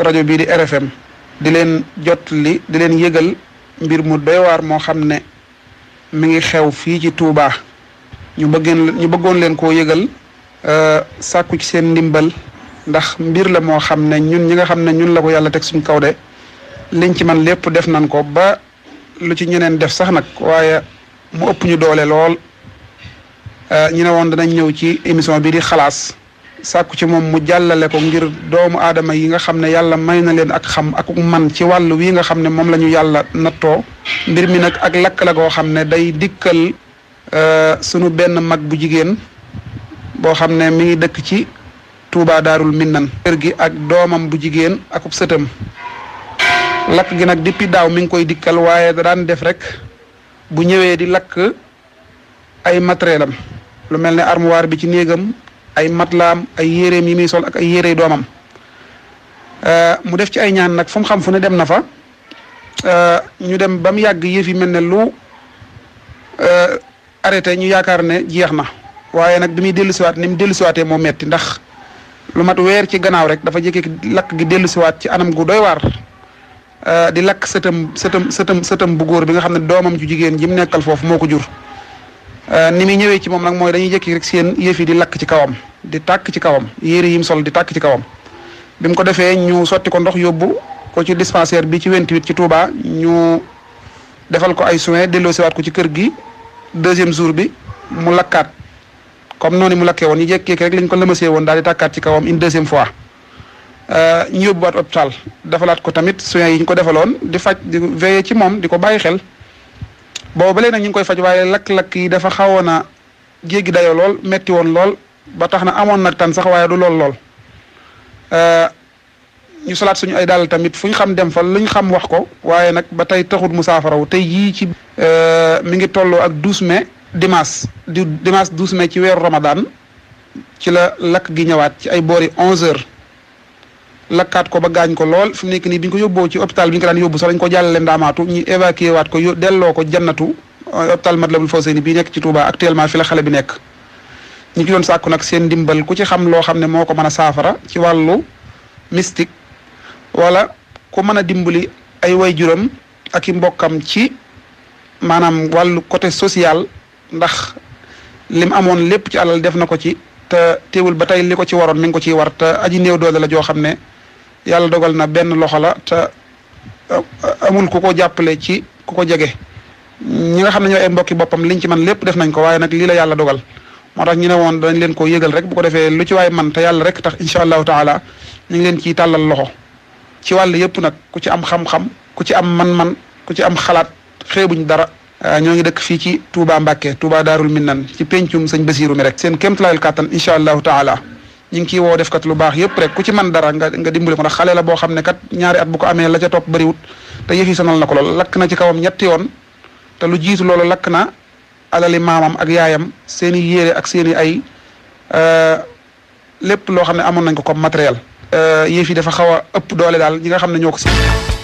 Radio Biri di RFM di len jot li di len yegal mbir mu doy war mo xamne mi ngi xew fi ci Touba ñu bëggen ñu bëggoon ko yegal euh sakku ci seen ndimbal ndax mbir la mo xamne ñun ñi nga xamne ñun la ko yalla tek suñu kaw de liñ ci man lepp def nan ko ba lu ci ñeneen def sax nak waaye mu upp ñu doole lool euh, ñu ne won danañ ñew ci émission bi di xalaas sàkku ci moom mu jàllale ko ngir doomu aadama yi nga xam ne yàlla may na leen ak xam ak man ci wàll wi nga xam ne moom la ñu yàlla nattoo mbir mi nag ak lakk la goo xam ne day dikkal euh, sunu benn mag bu jigéen boo xam ne mi ngi dëkk ci Touba Daarul Minnan kër gi ak doomam bu jigéen akub sëtam lakk gi nag depuis daaw mi ngi koy dikkal waaye daan def rek bu ñëwee di lakk ay matériel am lu mel ne armoire bi ci néegam ay matlam ay yere yi muy sol ak ay yere doomam euh, mu def ci ay ñaan nak fu xam fu ne dem nafa euh ñu dem bam mu yef yi melne lu euh arrêté ñu yaakaar ne jeex na waaye bi muy nim delu ci waté mo metti ndax lu mat wër ci gannaaw rek dafa jékki lak gi delu ci anam gu doy euh di setem setem setam setam setam bu goor bi nga xamne ne doomam ju jigen jim nekkal fofu moko ko jur euh, ni muy ñëwee ci moom nag mooy dañuy rek seen yi di ci kawam di tàkk ci kawam yére yim sol di tàkk ci kawam bi ko defee ñu sotti ko ndox yóbbu ko ci dispensaire bi ci 28 ci Touba ñu defal ko ay soins delloosiwaat ko ci kër gi deuxième jour bi mu lakkaat comme noonu mu lakkee woon ñu jékkee rek lañ ko lëmasee woon daal di tàkkaat ci kawam une deuxième fois euh, ñu yóbbuwaat hôpital defalaat ko tamit soins yi ñu ko defaloon di faj di ci moom di ko bàyyi xel boobu ba léegi nag ñu ngi koy faj waaye lakk-lakk yi dafa xawoon a jéggi dayoo lool metti woon lool. ba tax na amoon nag tan sax waaye du lool lool euh, ñu solaat suñu ay daal tamit fu ñu xam dem fa lu ñu xam wax ko waaye nag ba tey taxut mu saafaraw tey jii ci. Euh, mi ngi tolloo ak douze mai dimanche du dimanche douze mai ci weeru Ramadan ci la lakk gi ñëwaat ci ay boori onze heures lakkaat ko ba gaañ ko lool fi mu nekk nii bi ko yóbboo ci hôpital bi ñu ko daan yóbbu sax dañ ko jàllale ndaamaatu ñu évacué waat ko delloo ko jannatu euh, hôpital Matlaboul Fawzeyni bii nekk ci Touba actuellement fi la xale bi nekk. ñu ngi doon sàkku nag seen ndimbal ku ci xam loo xam ne moo ko mën a saafara ci wàllu mystique wala ku mën a dimbali ay waajuram ak i mbokkam ci maanaam wàllu côté social ndax lim amoon lépp ci alal def na ko ci te teewul ba tey li ko ci waroon mi ko ciy war te aji néew doole la joo xam ne yàlla dogal na benn loxo la te uh, amul ko ko jàppale ci ku ko jege ñi nga xam ne ñoo ay mbokki boppam liñ ci man lépp def nañ ko waaye nag lii yàlla dogal moo tax ñu ne woon dañ leen ko yëgal rek bu ko defee lu ci waay man te yàlla rek tax incha allahu taala ñu leen ciy tàllal loxo ci wàll yëpp nag ku ci am xam-xam ku ci am man-man ku ci am xalaat xeebuñ dara ah, ñoo ngi dëkk fii ci Touba Mbacke Touba Daarul Minnan ci pencum sëñ Basiiru mi rek seen kéemtalaayul kàttan incha allahu taala ñu ngi ciy woo def kat lu baax yëpp rek ku ci man dara nga nga dimbali ko ndax xale la boo xam ne kat ñaari at bu ko amee la ca topp bëriwut te yëf yi na ko lool lakk na ci kawam ñetti yoon te lu jiitu loolu lakk na alali maamam ak yaayam seeni i yére ak seen i ay euh, lépp loo xam ne amoon nañ ko kom matériel euh, yëf yi dafa xaw a ëpp doole daal ñi nga xam ne ñoo ko si